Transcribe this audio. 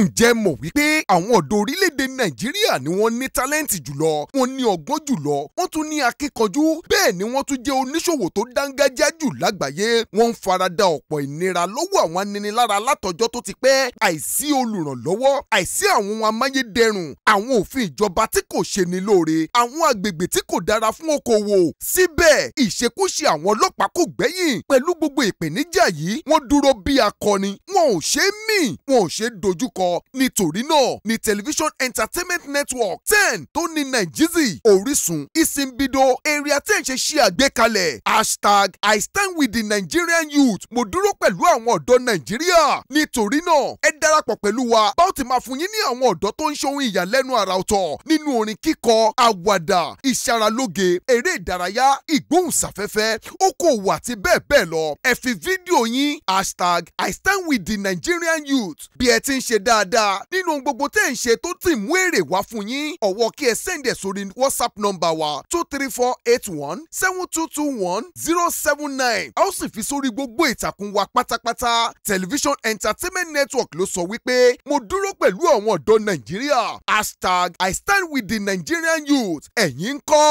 ǹjẹ́ mọ̀ wípé àwọn ọ̀dọ́ orílẹ̀-èdè nàìjíríà ni wọ́n ní tálẹ́ǹtì jùlọ wọ́n ní ọgbọ́n jùlọ wọ́n tún ní akíkanjú bẹ́ẹ̀ ni wọ́n tún jẹ́ oníṣòwò tó dáńgájá jù lágbàáyé wọ́n ń farada ọ̀pọ̀ ìnira lọ́wọ́ àwọn aninilára látọjọ́ tó ti pẹ́ àìsí olùrànlọ́wọ́ àìsí àwọn amáyédẹrùn àwọn òfin ìjọba tí kò ṣe ni lóore àwọn agbègbè tí kò dára fún okòwò síbẹ̀ ìṣekúṣe àwọn ọlọ́pàá kò gbẹ́yìn pẹ̀lú gbogbo ìpèníjà yìí wọ́n dúró bí akọni wọn ò ṣe é mì wọn ò ṣe é dojúkọ nítorí náà ni television entertainment network ten tó ní nàìjíríì orísun ìsìnbídò area ten ṣe ṣe àgbékalẹ̀ hashtag i stand with the nigerian youth mo dúró pẹ̀lú àwọn ọ̀dọ́ nàìjíríà nítorí náà ẹ darapọ̀ pẹ̀lú wa bá ó ti máa fún yín ní àwọn ọ̀dọ́ tó ń ṣohun ìyàlẹ́nu àrà ọ̀tọ̀ nínú orin kíkọ àwàdà ìṣaralóge eré ìdárayá ìgbóhùnsáfẹ́fẹ́ okòwò àti bẹ́ẹ̀ bẹ́ẹ̀ lọ ẹ fi fídíò yín hashtag i stand with the nigerian youth bí ẹ ti ń ṣe dáadáa nínú ohun gbogbo tẹ́ ń ṣe tó ti mú èrè wá fún yín ọ̀wọ́ kí ẹ send ẹ̀ sórí whatsapp number wa two three four eight one seven two two one zero seven nine a ó sì fi sórí gbogbo ìtàkùn wa pátápátá television entertainment network ló sọ wípé mo dúró pẹ̀lú àwọn ọ̀dọ́ nàìjíríà hashtag i stand with the nigerian youth ẹ̀yin kọ́.